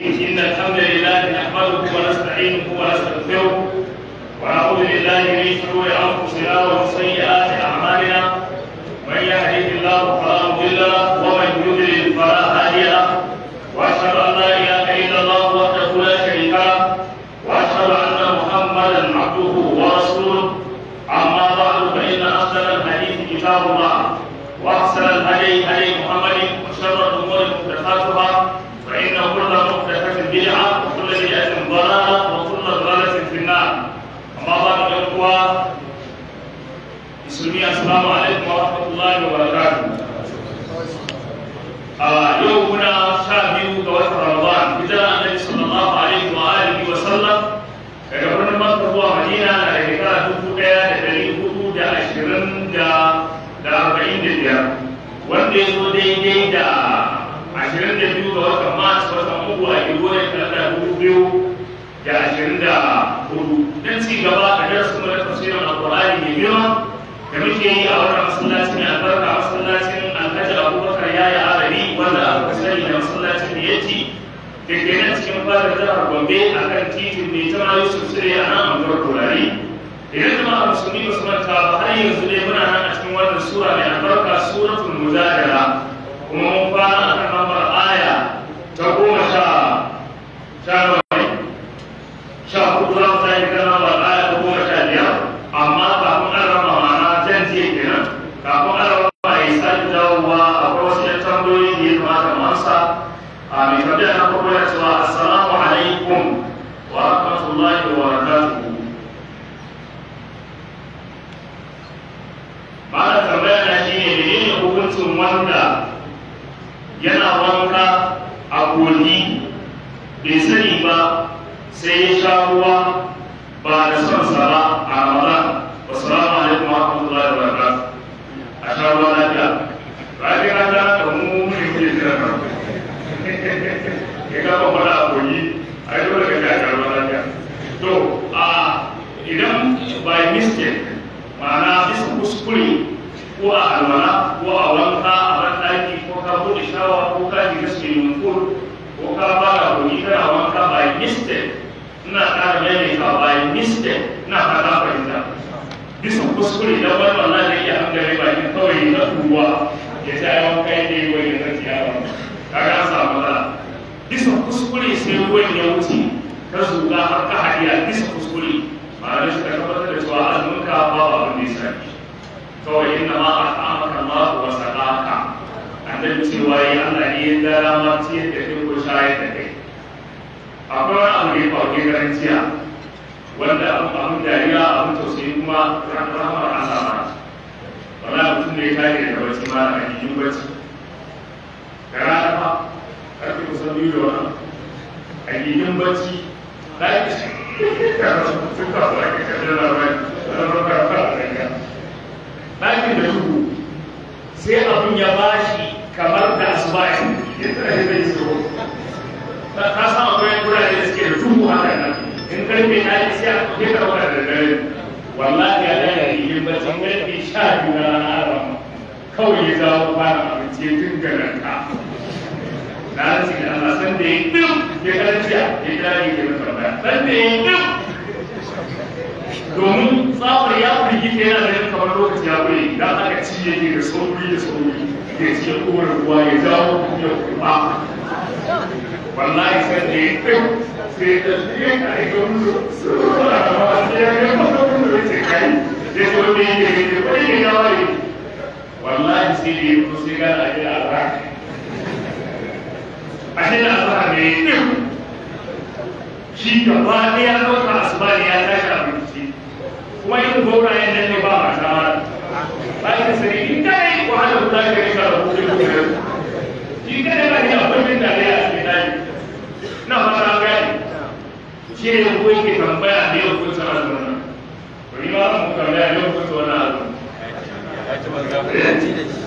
إن الحمد لله نحمده ونستعينه ونستغفره ونعوذ بالله من شرور أنفسنا السلام عليكم ورحمة الله وبركاته. يومنا شابيو دوات رمضان إذا النبي صلى الله عليه وآله وسلم كبرنا مكة ومدينة لكتاب تبقى لدليل حدود عشرين دا أربعين دقيقة. wanda ya zo daidai da ashirin da biyu ga watan mars watan uku a kirgonin kalanda dubu biyu da ashirin da hudu don ci gaba a darasin mu na tafsirin alkur'ani mai girma da muke yi a wannan masallacin mai albarka masallacin alhaji abubakar yaya yi arabi wanda a sani da masallacin da yake da ke nan cikin fara jihar gombe a kan titin mai tama yusuf sire a nan anguwar turare idan jama'a musulmi ba su manta ba har yanzu dai muna nan a cikin wannan sura mai albarka suratul mujadala kuma mun fara a kan aya ta goma sha sha sanyi da wani a bacci ɗaki da da da duhu sai abin ya bashi kamar da asubahi ya tsaye zai tsoro ka san akwai gurare da suke da duhu haka nan in karfe na yi siya a kuke karɓa da dare wallahi ya daya gigin bacci karfe sha biyu na ranar kawai ya zawo fara abinci ya dinga ranka na rantsi da Allah san da yi biyu ya karantiya ya kira ne ke na tambaya san da yi biyu domin tsawar ya kurgi ta yana ganin kamar lokaci ya kure idan aka ci yake da sauri da sauri ya ci ya kowar ruwa ya jawo ya kuma wallahi san da yi biyu sai da biyu a yi gwamnu su a ma sai ya yi masa gwamnu ya ce kai ya ce wani ya ce wani ya waye wallahi sai da yi kusa gana a yi albarka ashe da asuba ne shi gaba ɗaya ɗauka asuba ne ya tashi abinci kuma yin gaurayen nan ne ba mata ma ba ka sani in ka yi wahala ku zaka yi ka rabu da shi ka da bari akwai min da ne a cikin dai na fara gani shi ne ko yake tambaya da yau ko tsara zuwa to ni ma mu tambaya yau ko tsara zuwa ya ci ba ga ya ci da shi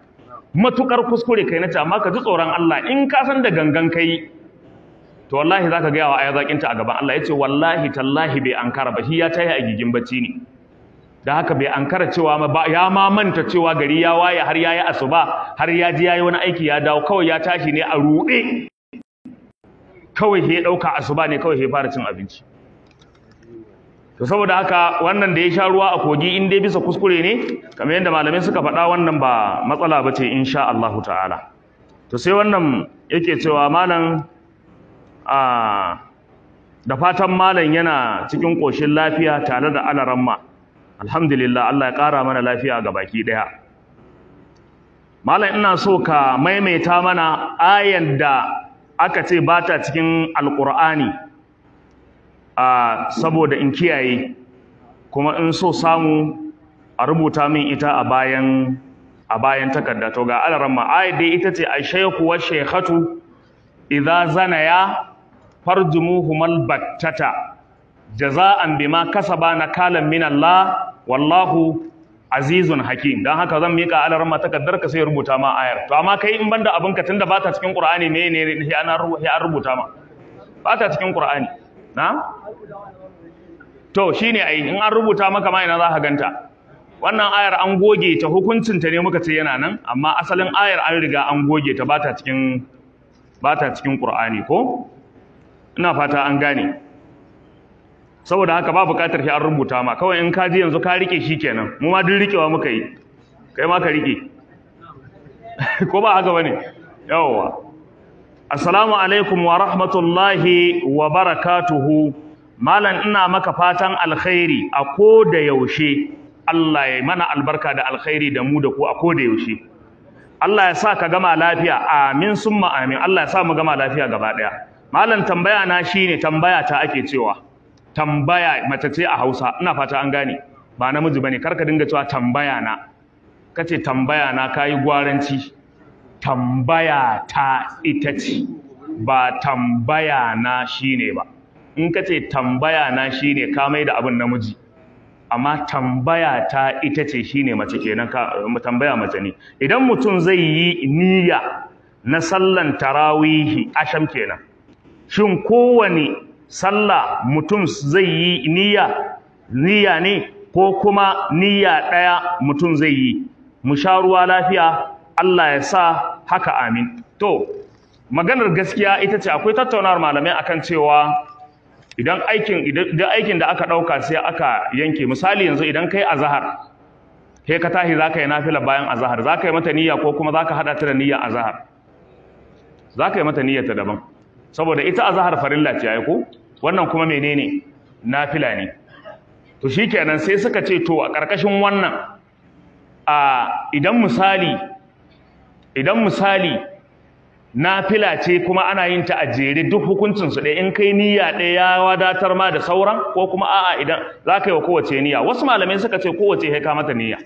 matukar kuskure kai nace amma ka ji tsoron Allah in ka san da gangan kai to wallahi zaka ga yawa aya zakinta a gaban Allah yace wallahi tallahi bai ankara ba shi ya tayi a gigin bacci ne da haka bai ankara cewa ya ma manta cewa gari ya waye har yayi asuba har ya ji yayi wani aiki ya dawo kawai ya tashi ne a ruɗe kawai he dauka asuba ne kawai he fara cin abinci to saboda haka wannan da ya sha ruwa a kogi in dai bisa kuskure ne kamar yadda malamai suka faɗa wannan ba matsala ba ce insha Allahu ta'ala to sai wannan yake cewa malam a da fatan malam yana cikin ƙoshin lafiya tare da alaramma alhamdulillah Allah ya ƙara mana lafiya ga baki ɗaya malam ina so ka maimaita mana ayan da aka ce ba ta cikin alƙur'ani a saboda in kiyaye kuma in so samu a rubuta min ita a bayan a bayan takarda to ga alaramma ayat dai ita ce shaykhu wa shaykhatu idza zanaya farjumuhumal battata jaza'an bima kasaba nakalan min Allah wallahu azizun hakim dan haka zan mika alaramma takaddar ka sai rubuta ma ayar to amma kai in banda ka tunda ba cikin qur'ani menene ne ana rubuta ma ba cikin qur'ani na? to shi ne a yi, in an rubuta maka ma ina za ka ganta wannan ayar an goge ta hukuncin ta ne muka ce yana nan amma asalin ayar an riga an goge ta ba ta cikin Qur'ani ko ina fata an gane saboda haka ba buƙatar shi an rubuta ma kawai in ka ji yanzu ka rike shi kenan mu ma duk rikewa muka yi kai ma ka rike ko ba haka ba ne? yawwa Assalamu alaikum wa rahmatullahi wa barakatuhu. Malam ina maka fatan alkhairi a ko da yaushe. Allah ya mana albarka da alkhairi da mu da ku a ko da yaushe. Allah ya sa ka gama lafiya. Amin summa amin. Allah ya sa mu gama lafiya gaba daya. Malam tambaya na shine tambaya ta ake cewa. Tambaya mace ce a Hausa. Ina fata an gane. Ba namiji bane. Kar ka dinga cewa tambaya na. Kace tambaya na kayi gwaranci. tambaya ta ita ce ba tambaya na shine ba in ka ce tambaya na shine ka mai da abin namiji amma tambaya ta ita ce shine mace kenan ka tambaya mace ne idan mutum zai yi niyya na sallan tarawihi asham kenan shin kowane sallah mutum zai yi niyya niyya ne ko kuma niyya ɗaya mutum zai yi mu sha ruwa lafiya Allah ya sa haka amin to maganar gaskiya ita ce akwai tattaunawar malamai akan cewa idan aikin idan aikin da aka ɗauka sai aka yanke misali yanzu idan kai zahar kai ka tahi ka yi nafila bayan a za ka yi mata niyya ko kuma ka haɗa ta da niyya a Za ka yi mata niyya ta daban saboda ita a zahar farilla ce ai ko wannan kuma menene nafila ne to shi kenan sai suka ce to a ƙarƙashin wannan a idan misali idan misali nafila ce kuma ana yin ta a jere duk hukuncinsu ɗaya in kai niyya ɗaya ya wadatar ma da sauran ko kuma a'a idan za ka yi wa kowace niyya wasu malamai suka ce kowace ya ka mata niyya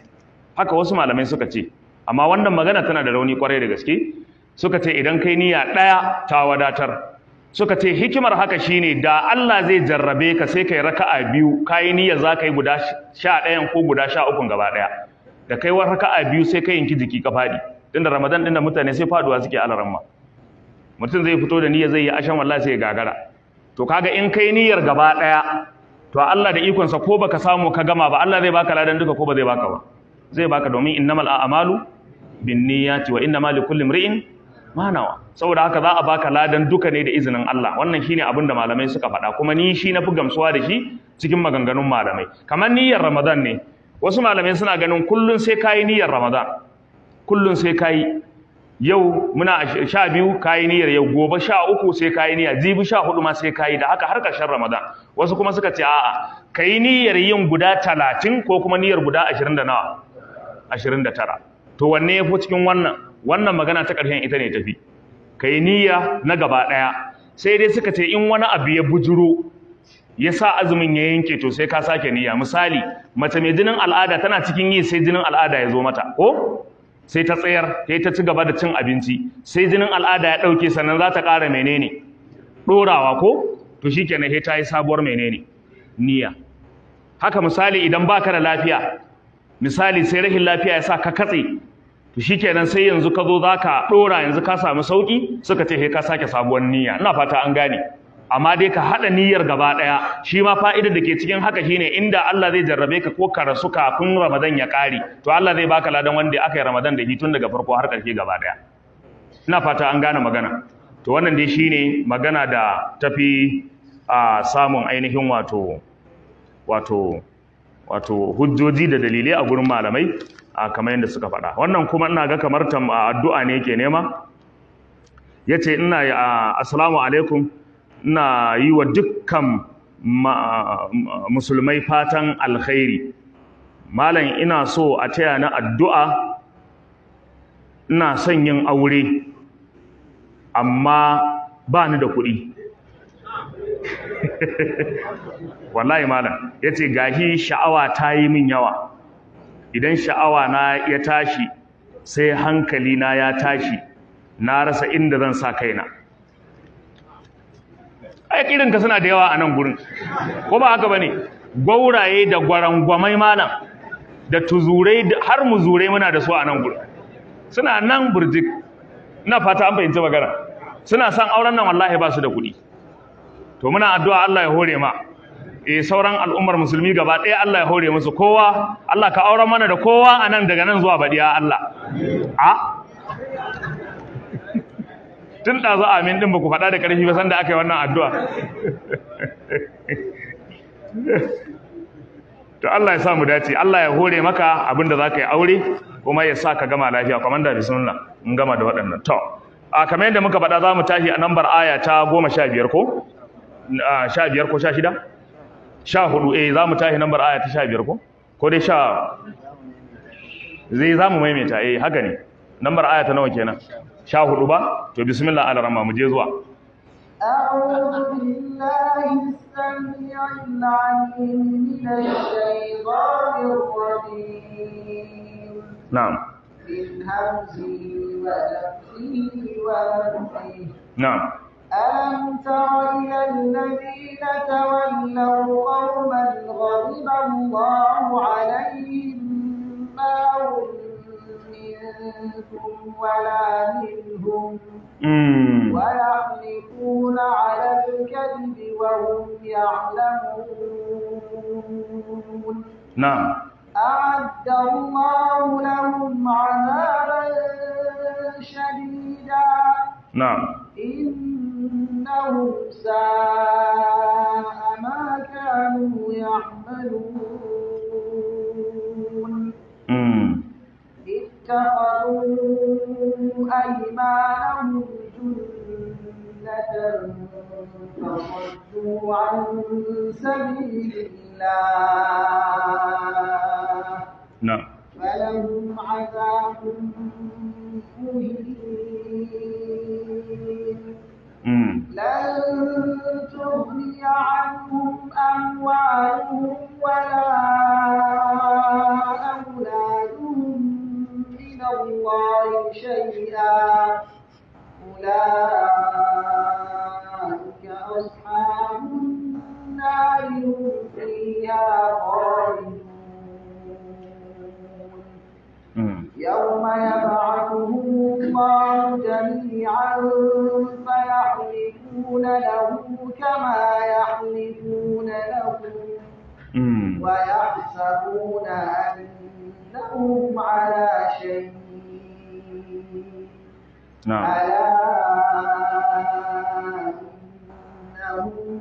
haka wasu malamai suka ce amma wannan magana tana da rauni kwarai da gaske suka ce idan kai niyya ɗaya ta wadatar suka ce hikimar haka shine da Allah zai jarrabe ka sai kai raka'a biyu kai niyya za ka yi guda sha ɗayan ko guda sha ukun gaba ɗaya da kai raka'a biyu sai ka yanki jiki ka faɗi tunda ramadan din da mutane sai faduwa suke alaramma mutum zai fito da niyyar zai yi ashan wallahi sai gagara to kaga in kai niyyar gaba daya to Allah da ikon sa ko baka samu ka gama ba Allah zai baka ladan duka ko ba zai baka ba zai baka domin innamal a'malu binniyati wa innamal likulli imrin ma nawa saboda haka za a baka ladan duka ne da izinin Allah wannan shine abin da malamai suka faɗa kuma ni shi na fi gamsuwa da shi cikin maganganun malamai kamar niyyar Ramadan ne wasu malamai suna ganin kullun sai yi niyyar Ramadan kullun sai kayi yau muna sha biyu kayi niyyar yau gobe sha uku sai kayi niyya jibi sha hudu ma sai kayi da haka har ƙarshen ramadan wasu kuma suka ce a'a kayi niyyar yin guda talatin ko kuma niyyar guda ashirin da nawa ashirin to wanne ya fi cikin wannan wannan magana ta ƙarshen ita ne tafi kayi niyya na gaba ɗaya sai dai suka ce in wani abu ya bujuro ya sa azumin ya yanke to sai ka sake niyya misali mace mai jinin al'ada tana cikin yi sai jinin al'ada ya zo mata ko sai ta tsayar sai ta ci gaba da cin abinci sai jinin al'ada ya ɗauke sannan za ta ƙara menene ɗorawa ko to shi kenan sai ta yi sabuwar menene niyya haka misali idan baka da lafiya misali sai rahin lafiya ya sa ka katse to shi kenan sai yanzu ka zo za ka ɗora yanzu ka samu sauƙi suka ce sai ka sake sabuwar niyya ina fata an gane amma dai ka haɗa niyyar gaba ɗaya shi ma fa'idar da ke cikin haka shine inda Allah zai jarrabe ka ko ka rasu kafin Ramadan ya ƙare to Allah zai baka ladan wanda aka yi Ramadan da hitun daga farko har ƙarfi gaba ɗaya ina fata an gane magana to wannan dai shine magana da tafi a samun ainihin wato wato wato hujjoji da dalilai a gurin malamai a kamar yadda suka faɗa wannan kuma ina ga kamar addu'a ne ke nema yace ina assalamu alaikum na yi wa dukkan musulmai fatan alkhairi malam ina so a taya na addu'a ina son yin aure amma ba ni da kuɗi wallahi malam ya ce gashi sha'awa ta yi min yawa idan sha'awa na ya tashi sai hankali na ya tashi na rasa inda zan sa kaina ai irin ka suna da yawa a nan gurin ko ba haka bane gwauraye da gwarangwamai malam da tuzurai har muzurai muna da su a nan gurin suna nan burjik na fata an fahimci magana suna san auren nan wallahi ba su da kuɗi to muna addu'a Allah ya hore ma eh sauran al'ummar musulmi gaba ɗaya Allah ya hore musu kowa Allah ka auren mana da kowa a nan daga nan zuwa baɗiya Allah a ah, tun ɗazu amin ɗin ba ku faɗa da ƙarfi ba sanda aka yi wannan addu'a to Allah ya sa mu dace Allah ya hore maka abin da za ka yi aure kuma ya sa ka gama lafiya da bismillah mun gama da waɗannan to a kamar yadda muka faɗa za mu tashi a nambar aya ta goma sha biyar ko sha biyar ko sha shida sha hudu eh za mu tashi nambar aya ta sha biyar ko ko dai sha zai za mu maimaita eh haka ne nambar aya ta nawa kenan sha hudu ba الله على alarama mu أعوذ بالله السميع العليم من الشيطان الرجيم نعم من همزه ونفسه ونفسه نعم ألم تر إلى الذين تولوا قوما غضب الله عليهم ما هم منكم ولا منهم ويحلفون على الكذب وهم يعلمون نعم أعد الله لهم عذابا شديدا نعم إنهم ساء ما كانوا يعملون اتخذوا أيمانهم جنة فصدوا عن سبيل الله نعم فلهم عذاب مهين لن تغني عنهم أموالهم ولا أولادهم من الله شيئا أولئك أصحاب النار هم فيها يوم يبعثهم الله جميعا فيحلفون له كما يحلفون له ويحسبون أن لهم على شيء نعم ألا إنهم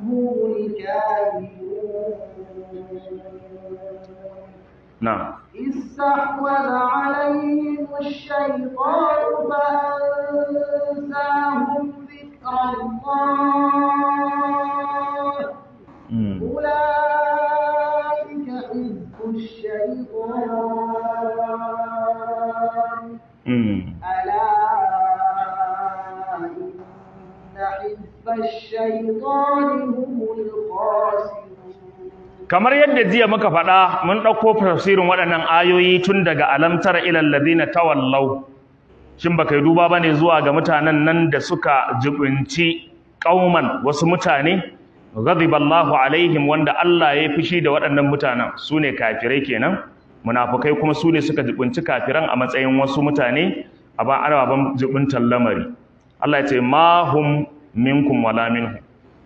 هم الكاذبون نعم استحوذ عليهم الشيطان فأنساهم ذكر الله kamar yadda jiya muka faɗa mun ɗauko tafsirin waɗannan ayoyi tun daga alamtar ilal ladina tawallau shin baka yi duba bane zuwa ga mutanen nan da suka jibinci ƙauman wasu mutane ghadiballahu alaihim wanda Allah ya fushi da waɗannan mutanen sune kafirai kenan munafukai kuma sune suka jibinci kafiran a matsayin wasu mutane a ba ana ban jibintar lamari Allah ya ce ma hum minkum wala minhum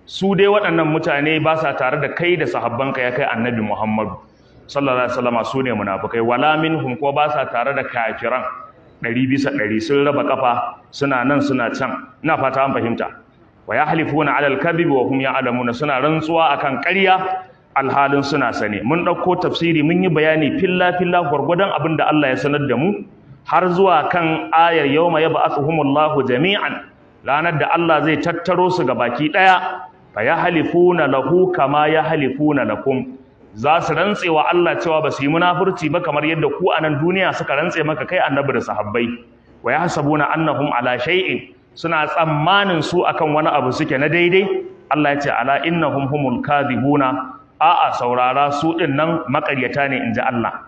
su dai waɗannan mutane ba sa tare da kai da sahabbanka ya kai annabi Muhammadu sallallahu alaihi wasallam su ne munafikai wala minhum ko ba sa tare da kafiran ɗari bisa ɗari sun raba kafa suna nan suna can ina fata an fahimta wa yahlifuna alal kadhibi wa hum ya'lamuna suna rantsuwa akan ƙarya alhalin suna sane mun ɗauko tafsiri mun yi bayani filla filla gwargwadon abin da Allah ya sanar da mu har zuwa kan ayar yawma yab'athuhumullahu jami'an ranar da Allah zai tattaro su ga baki ɗaya. fa halifuna lahu kama ya halifuna lakum za su rantse wa Allah cewa ba su yi munafurci ba kamar yadda ku a nan duniya suka rantse maka kai annabi da sahabbai wa hasabuna annahum ala shay'in suna tsammanin su akan wani abu suke na daidai Allah ya ce ala innahum humul kadhibuna a'a saurara su din nan makaryata ne inji Allah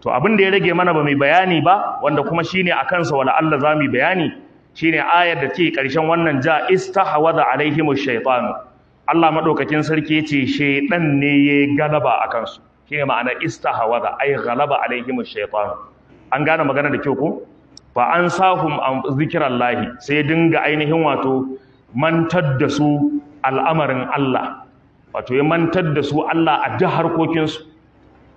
to abin da ya rage mana ba mai bayani ba wanda kuma shine akan sa wala Allah zamu bayani shine ayar da ke karshen wannan ja istahwadha alaihimu shaytanu Allah maɗaukakin sarki ce shaiɗan ne ya galaba kansu, shi ne ma'ana istahawaza ai, galaba alaihim laihimin shaytan an gane magana da kyau ko Ba an an zikirallahi sai dinga ainihin wato mantar da su al'amarin Allah wato ya mantar da su Allah a duk harkokinsu.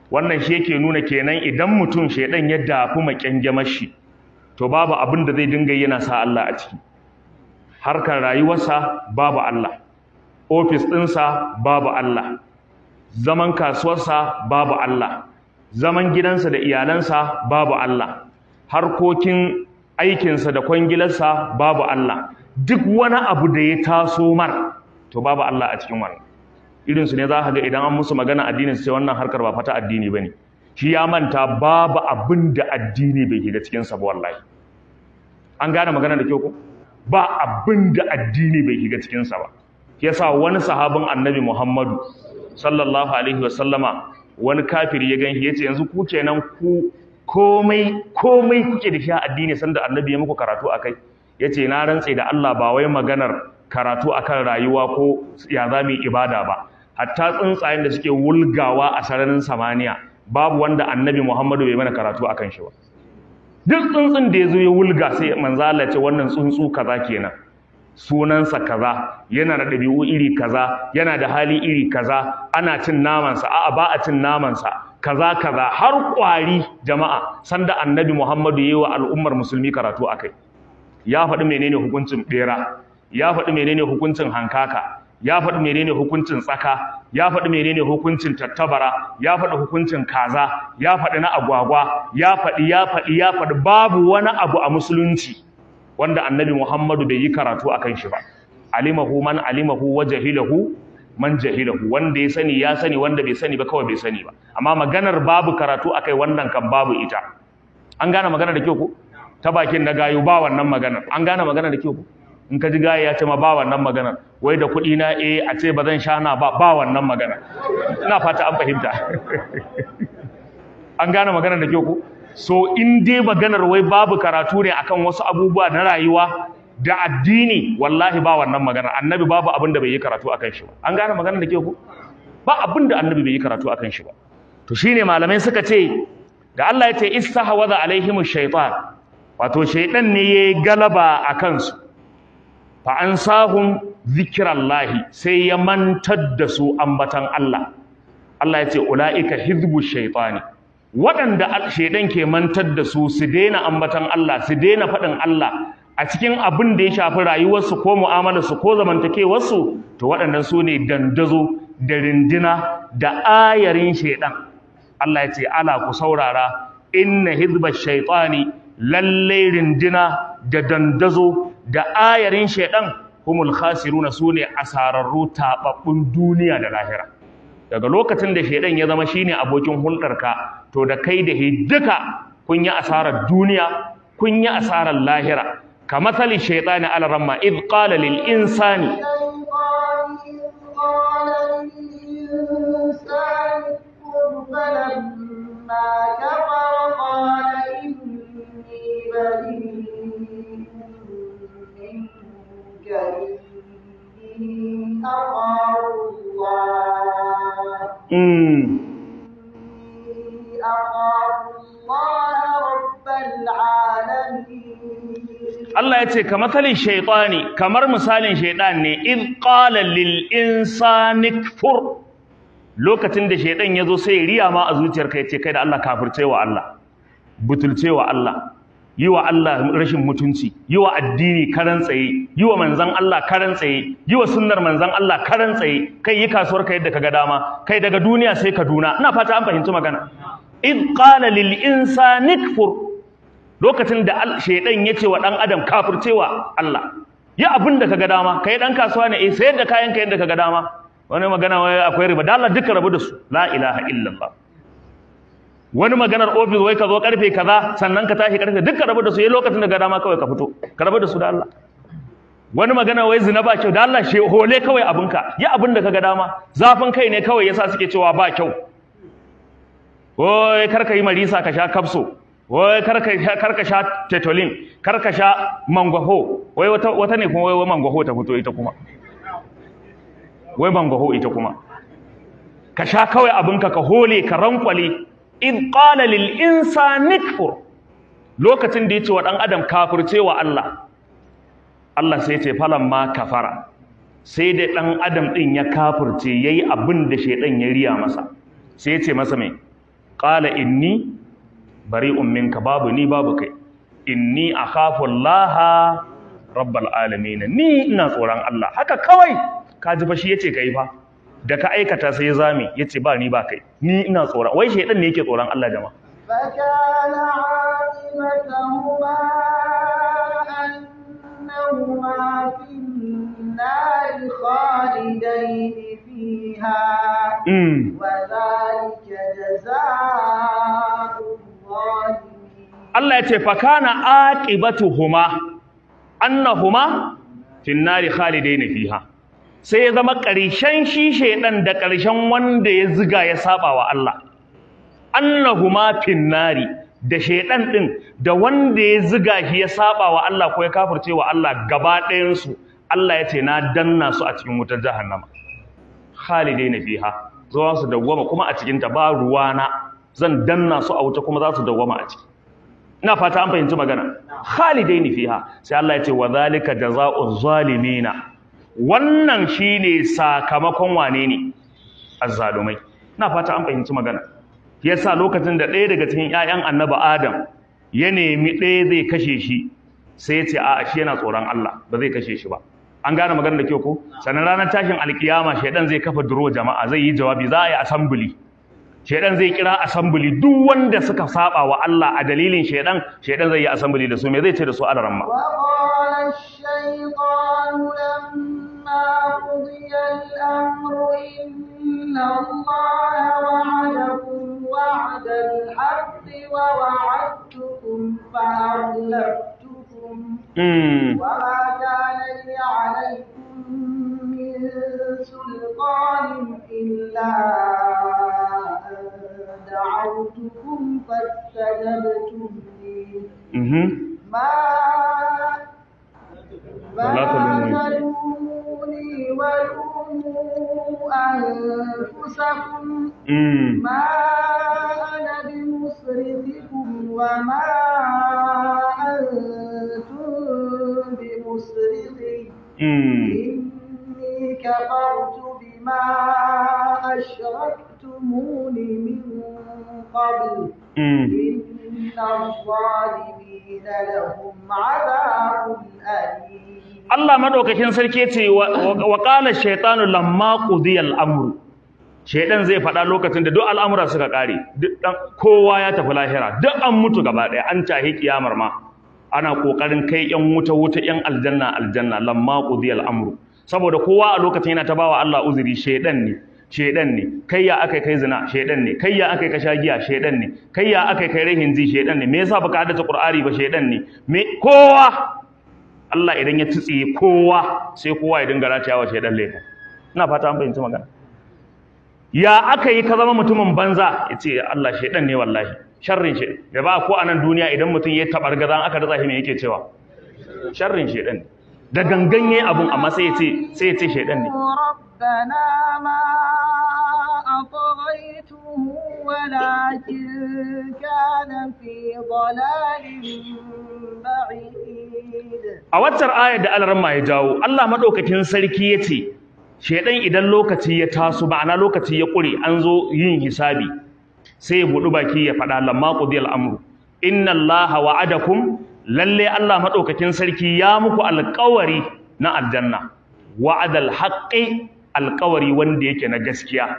wannan shi yake nuna kenan idan mutum shaiɗan ya dafi makyangamar shi to babu abin da zai dinga yana sa Allah a ciki harkar rayuwarsa babu Allah ofis ɗinsa babu Allah zaman kasuwarsa babu Allah zaman gidansa da iyalansa babu Allah harkokin aikinsa da kwangilarsa babu Allah duk wani abu da ya taso mar to babu Allah a cikin wannan Irinsu ne za ka ga idan an musu magana addinin sai wannan harkar ba fata addini ba ne. shi ya manta babu abin da addini bai shiga cikin sa wallahi an gane magana da kyau ba abin da addini bai shiga cikinsa ba yasa wani sahabin annabi Muhammadu sallallahu alaihi wasallama wani kafiri ya Ya ce yanzu ku kenan ku komai komai kuke da shi a addini sanda annabi ya muku karatu a kai. Ya ce na rantse da Allah ba wai maganar karatu akan rayuwa ko ya zamu ibada ba hatta tsuntsayen da suke wulgawa a sararin samaniya babu wanda annabi Muhammadu bai mana karatu akan shi ba duk tsuntsun da ya zo ya wulga sai manzala ce wannan tsuntsu kaza kenan sunansa kaza yana da ɗabi'u iri kaza yana da hali iri kaza ana cin namansa a'a ba a cin namansa kaza kaza har ƙwari jama'a sanda annabi muhammadu yi wa al'ummar musulmi karatu a kai ya faɗi menene hukuncin ɓera ya faɗi menene hukuncin hankaka ya faɗi menene hukuncin tsaka ya faɗi menene hukuncin tattabara ya faɗi hukuncin kaza ya faɗi na agwagwa ya faɗi ya faɗi ya faɗi babu wani abu a musulunci wanda annabi Muhammadu bai yi karatu kan shi ba alimahu man alimahu wa jahilahu man jahilahu wanda ya sani ya sani wanda bai sani ba kawai bai sani ba amma maganar babu karatu a kai wannan kan babu ita an gane magana da kyau ku? ta bakin na gayu ba wannan maganar an gane magana da kyau ku? in ka ji gaya ya ce ma ba wannan maganar wai da kuɗi na eh a ce ba zan sha na ba ba wannan maganar ina fata an fahimta an gane maganar da kyau ku? so in dai maganar wai babu karatu ne akan wasu abubuwa na rayuwa da addini wallahi ba wannan magana annabi babu abin da bai yi karatu akan shi ba an gane magana da ke ku ba abin da annabi bai yi karatu akan shi ba to shine malamai suka ce da Allah ya ce istahwaza alaihim shaytan wato shaytan ne yayi galaba akan su fa ansahum zikrallahi sai ya mantar da su ambatan Allah Allah ya ce ulaika hizbu shaytani waɗanda shaidan ke mantar da su su daina ambatan Allah su daina faɗin Allah a cikin abin da ya shafi rayuwarsu ko mu'amalarsu ko zamantakewarsu to waɗannan su ne dandazo da rindina da ayarin shaidan Allah ya ce ala ku saurara inna hizba shaitani lallai rindina da dandazo da ayarin shaidan humul khasiruna su ne asararru taɓaɓɓun duniya da lahira daga lokacin da shaidan ya zama shine abokin hulɗarka to da kai da duka kun yi asarar duniya kun yi asarar lahira ka matsali shaitani alaramma id qala lil insani Mm. Allah ya ce ka talin shaiɗani kamar misalin shaiɗan ne in ƙala lil insani fur. lokacin da shaiɗan ya zo sai riya ma a zuciyarka ya ce kai da Allah kafirce wa Allah butulce wa Allah yi wa Allah rashin mutunci yi wa addini karan tsaye yi wa manzan Allah karan tsaye yi wa sunnar manzan Allah karan tsaye kai yi kasuwar ka yadda ka ga dama kai daga duniya sai ka duna, ina fata an fahimci magana in qala lil insani kfur lokacin da shaidan ya ce wa dan adam cewa Allah ya abin da kaga dama kai dan kasuwa ne eh yadda da kayan ka yadda kaga dama wani magana wai akwai riba da Allah duka rabu da su la ilaha illallah wani maganar office wai ka zo karfe kaza sannan ka tashi karfe duka rabu da su yayin eh, lokacin da ga dama kawai ka fito ka rabu da su da Allah wani magana wai zina ba kyau da Allah she hole kawai abinka ya abin da kaga dama zafin kai ne kawai yasa suke cewa ba kyau wai kar ka yi marisa ka sha kapso wai kar ka sha tetolin kar ka sha mangwaho wai wata ne kuma wai mangwaho ta fito ita kuma wai mangwaho ita kuma ka sha kawai abinka ka hole ka rankwale in qala lil insani lokacin da ce wa ɗan adam kafurce wa Allah Allah sai ce falon ma kafara sai dai ɗan adam ɗin ya kafurce ya yi abin da shaiɗan ya riya masa sai ya ce masa mai qala inni bari'un minka babu ni babu kai inni akhafu Allah rabbal alamin ni ina tsoron Allah haka kawai ka ji fa shi yace kai fa da ka aikata sai ya zame yace ba ni ba kai ni ina tsoron wai shedan ne yake tsoron Allah jama'a فكان عاقبتهما أنهما في النار خالدين فيها وذلك جزاء الظالمين الله يتي فكان عاقبتهما أنهما في النار خالدين فيها sai ya zama ƙarshen shi shaidan da ƙarshen wanda ya ziga ya saba wa Allah annahuma finnari da shaidan ɗin da wanda ya ziga shi ya saba wa Allah ko ya kafirce wa Allah gaba ɗayan Allah ya ce na danna su a cikin wutar jahannama khalidai na fiha za su dawwama kuma a cikin ta ba na, zan danna su a wuta kuma za su dawwama a ciki ina fata an fahimci magana khalidai ni fiha sai Allah ya ce wa zalika jazaa'u zalimina wannan shine sakamakon wane ne azzalumai ina fata an fahimci magana yasa lokacin da ɗaya daga cikin ƴaƴan annabi Adam ya nemi ɗaya zai kashe shi sai ya ce a'a shi yana tsoron Allah ba zai kashe shi ba an gane magana da kyau ko sannan ranar tashin alkiyama shaidan zai kafa duro jama'a zai yi jawabi za a yi assembly shaidan zai kira assembly duk wanda suka saba wa Allah a dalilin shaidan shaidan zai yi assembly da su me zai ce da su a ramma وعد الحق ووعدتكم فأغلقتم وما كان لي عليكم من سلطان إلا أن دعوتكم فاستجبتم لي ما ما تلوموني تزني ولوموا أنفسكم ما أنا بمصرخكم وما أنتم بمصرخي إني كفرت بما أشركتموني من قبل إن الظالمين Allah madaukakin sarki ce wa qala shaytanu lamma qudiyal amru shaydan zai faɗa lokacin da duk al'amura suka kare duk kowa ya tafi lahira duk an mutu gaba ɗaya an tahi kiyamar ma ana kokarin kai yan wuta wuta yan aljanna aljanna lamma qudiyal amru saboda kowa a lokacin yana ta bawa Allah uzuri shaydan ne shaidan ne kai ya aka kai zina shaidan ne kai ya aka kai shagiya shaidan ne kai ya aka kai rahin zi shaidan ne me yasa baka haddace qur'ani ba shaidan ne me kowa Allah idan ya tsiye kowa sai kowa ya dinga wa shaidan laifi ina fata an fahimci magana ya aka yi ka zama mutumin banza ya ce Allah shaidan ne wallahi sharrin shi da ba ko a nan duniya idan mutum ya tabargaza aka datsa shi me yake cewa sharrin shaidan ne da gangan abun amma sai ya ce sai ya ce ne a wacar ayar da alramma ya jawo Allah maɗaukakin sarki ya ce, shaiɗan idan lokaci ya taso ma'ana lokaci ya ƙure an zo yin hisabi sai ya buɗu baki ya faɗa lamma ƙudiyar amru inna Allah wa'adakum lalle Allah madaukakin sarki ya muku alƙawari na aljanna wa'adal haƙƙi alƙawari wanda yake na gaskiya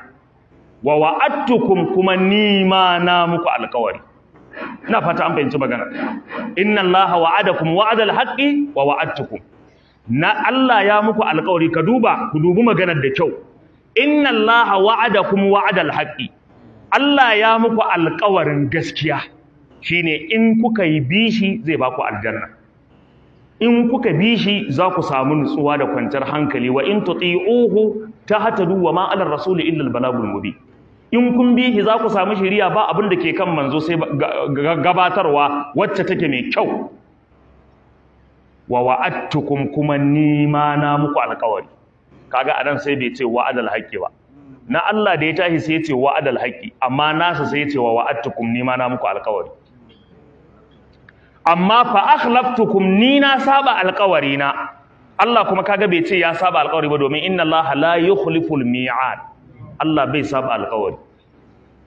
wa wa'adtukum kuma ni ma na muku alƙawari ina fata an fahimci magana inna Allaha wa'adakum wa'adal haƙƙi wa wa'adtukum na Allah ya muku alƙawari ka duba ku dubi maganar da kyau inna Allaha wa'adakum wa'adal haƙƙi. Allah ya muku alƙawarin gaskiya shine in kuka yi bishi zai baku aljanna in kuka bishi za ku samu nutsuwa da kwantar hankali wa in tuti'uhu tahtadu wa ma ala rasul illa al-balagul mubin in kun bihi za ku samu shiriya ba abin da ke kan manzo sai gabatarwa wacce take mai kyau wa wa'adtukum kuma nima na muku alƙawari kaga anan sai bai ce wa'adal haqqi ba na Allah da ya tashi sai ya ce wa'adal haqqi amma nasa sai ya ce wa wa'adtukum nima na muku alƙawari amma fa akhlaftukum ni na saba alƙawari na Allah kuma kaga bai ce ya saba alƙawari ba domin inna Allah la yukhliful mi'ad Allah bai saba alƙawari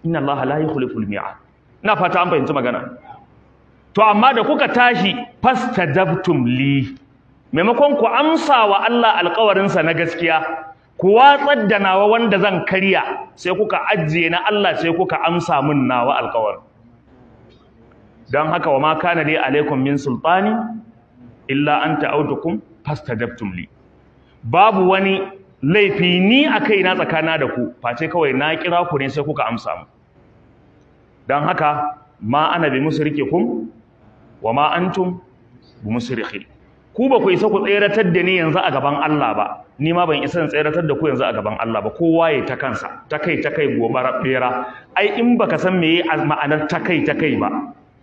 inna Allah la yukhliful mi'ad ina fata an fahimci magana to amma da kuka tashi fastajabtum li maimakon ku amsa wa Allah sa na gaskiya ku watsar da nawa wanda zan karya sai kuka ajiye na Allah sai kuka amsa min nawa alƙawarin don haka wa ma kana dai alaikum min sulpani? illa an ta'autukum fastajabtum li babu wani laifi ni a kai na tsakana da ku face kawai na kira ku ne sai kuka amsa mu don haka ma ana bi kum wa ma antum bi musrike ku ba ku isa ku tseratar da ni yanzu a gaban Allah ba ni ma ban isa in tseratar da ku yanzu a gaban Allah ba kowa ya ta kansa ta kai ta kai gobara bera ai in baka san meye ma'anar ta kai ta kai ba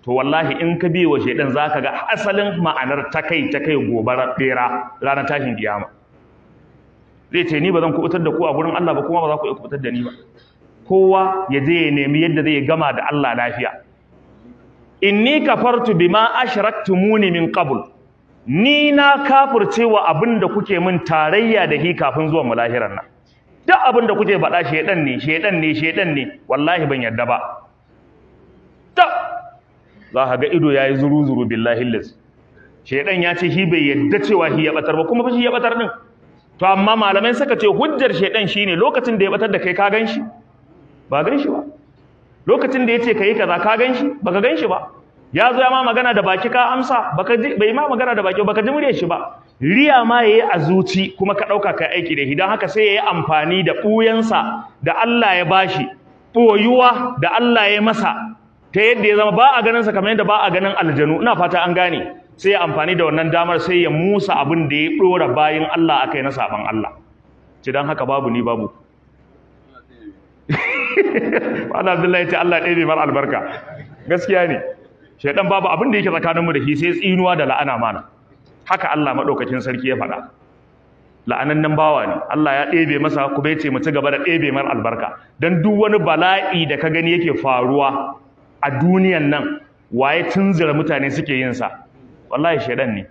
to wallahi in ka biye wa shaidan za ka ga asalin ma'anar ta kai ta kai gobara bera ranar tashin kiyama zai ce ni ba zan kubutar da ku a gurin Allah ba kuma ba za ku iya kubutar da ni ba kowa ya je ya nemi yadda zai gama da Allah lafiya In inni kafartu bima ashraktumuni min qabl ni na kafurcewa wa abin da kuke min tarayya da hi kafin zuwan mu lahiran nan duk abin kuke faɗa shedan ne shedan ne shedan ne wallahi ban yarda ba za ka ga ido ya yi zuru zuru billahi lazi shaidan ya ce shi bai yadda cewa shi ya batar ba kuma shi ya batar din to amma malamai suka ce hujjar shaidan shine lokacin da ya batar da kai ka gan shi ba gan shi ba lokacin da ya ce ka yi kaza ka gan shi ba ka gan shi ba ya zo ya ma magana da baki ka amsa bai ma magana da baki baka ji muryar shi ba riya ma yayi a zuci kuma ka dauka kai aiki da shi haka sai yayi amfani da buyansa da Allah ya bashi boyuwa da Allah ya masa ta yadda ya zama ba a ganin sa kamar yadda ba a ganin aljanu ina fata an gane sai ya amfani da wannan damar sai ya musa abin da ya dora bayin Allah akai na saban Allah ci dan haka babu ni babu Wala Abdullahi ce Allah ne mar albarka gaskiya ne shedan babu abin da yake tsakaninmu da shi sai tsinuwa da la'ana mana haka Allah madaukakin sarki ya faɗa la'anannan bawa ne Allah ya ɗebe masa kuma ya ce mu ci gaba da ɗebe mar albarka dan duk wani bala'i da ka gani yake faruwa a duniyan nan waye tunzira mutane suke yin sa wallahi shedan ne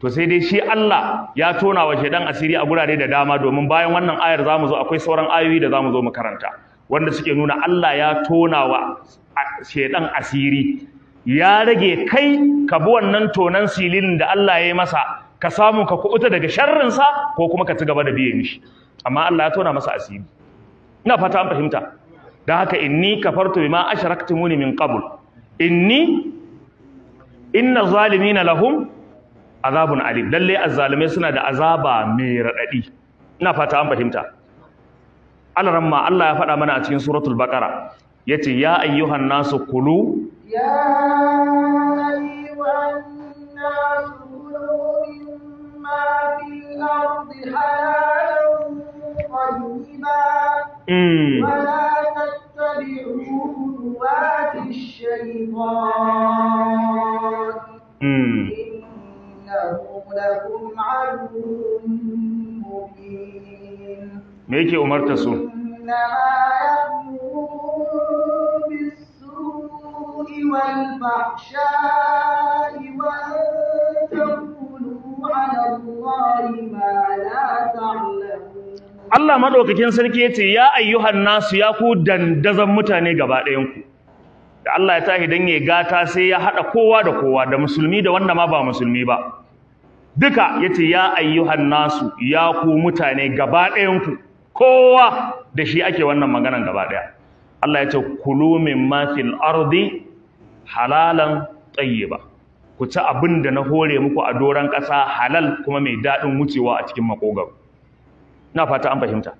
to sai dai shi Allah ya tona wa shedan asiri a gurare da dama domin bayan wannan ayar zamu zo akwai sauran ayoyi da zamu zo mu karanta wanda suke nuna Allah ya tona wa shedan asiri ya rage kai ka bi wannan tonan silin da Allah ya yi masa ka samu ka kubuta daga sharrin sa ko kuma ka ci gaba da biye mishi amma Allah ya tona masa asiri ina fata an fahimta Da haka inni kafartu bima ashraktumuni min qabl inni inna zalimina lahum azabun alim lalle azzalimai suna da azaba mai radadi ina fata an fahimta alaran ma Allah ya faɗa mana a cikin suratul baqara yace ya ayyuhan nasu kulu ya ayyuhan nasu kulu mimma fil ardi طيبا ولا تتبعوا خطوات الشيطان إنه لكم عدو مبين me yake umarta su والفحشاء وأن تقولوا على الله ما لا تعلمون Allah madaukakin sarki yace ya ayyuhan nasu ya ku dandazan mutane gaba ɗayan ku da Allah ya tahi dan ya gata sai ya hada kowa da kowa da musulmi da wanda ma ba musulmi ba duka yace ya ayyuhan nasu ya ku mutane gaba ɗayan ku kowa da shi ake wannan magana gaba ɗaya Allah ya ce kulu ma fil ardi halalan tayyiba ku ci abin da na hore muku a doron ƙasa halal kuma mai daɗin wucewa a cikin makogaro na fata an fahimta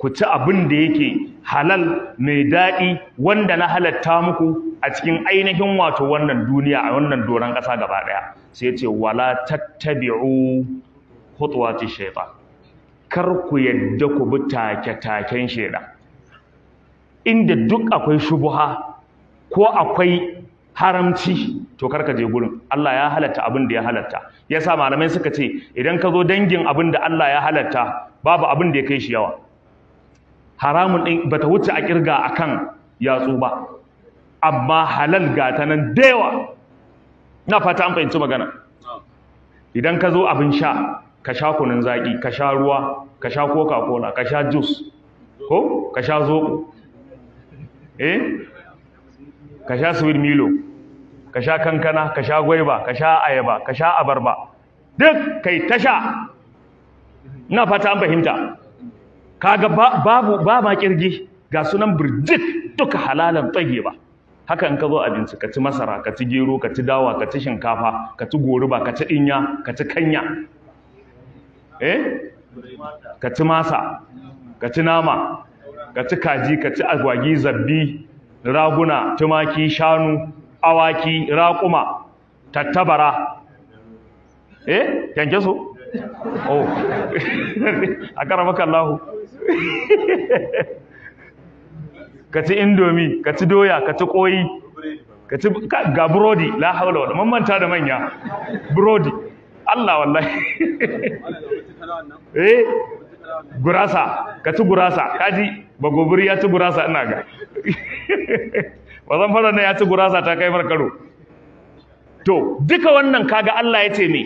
ku ci abin da yake halal mai daɗi wanda na halatta muku a cikin ainihin wato wannan duniya a wannan doron ƙasa gaba ɗaya sai ce wala tattabi'u khutuwati shaytan kar ku yadda ku bi take-taken shaytan inda duk akwai shubuha ko akwai haramci to kar ka je gurin Allah ya halatta abin da ya halatta yasa malamai suka ce idan ka zo dangin abin da Allah ya halatta babu abin da ya kai shi yawa haramun din bata wuce a kirga akan yatsu ba amma halal gata nan da yawa na fata an fahimci magana idan ka zo abin sha ka sha kunun zaki ka sha ruwa ka sha coca cola ka sha juice ko ka sha zobo eh ka sha sweet milo ka sha kankana ka sha gwaiba ka sha ayaba ka sha abarba duk kai ta sha na fata an fahimta kaga babu ba ma kirgi ga sunan birjik duka halalan tsage ba haka in ka zo abinci ka ci masara ka ci gero ka ci dawa ka ci shinkafa ka ci goruba ka ci dinya ka ci kanya eh ka ci masa ka ci nama ka ci kaji ka ci agwagi zabbi raguna tumaki shanu awaki raƙuma tattabara eh yanke su oh a karamaka Allahu ka ci indomi ka ci doya ka ci koyi ka ci ga burodi la haula wala mun manta da manya burodi Allah wallahi eh gurasa ka ci gurasa kaji bagoburi ya ci gurasa ina ga bazan fara ne ya ci gurasa ta kai mar karo to duka wannan kaga Allah ya ce me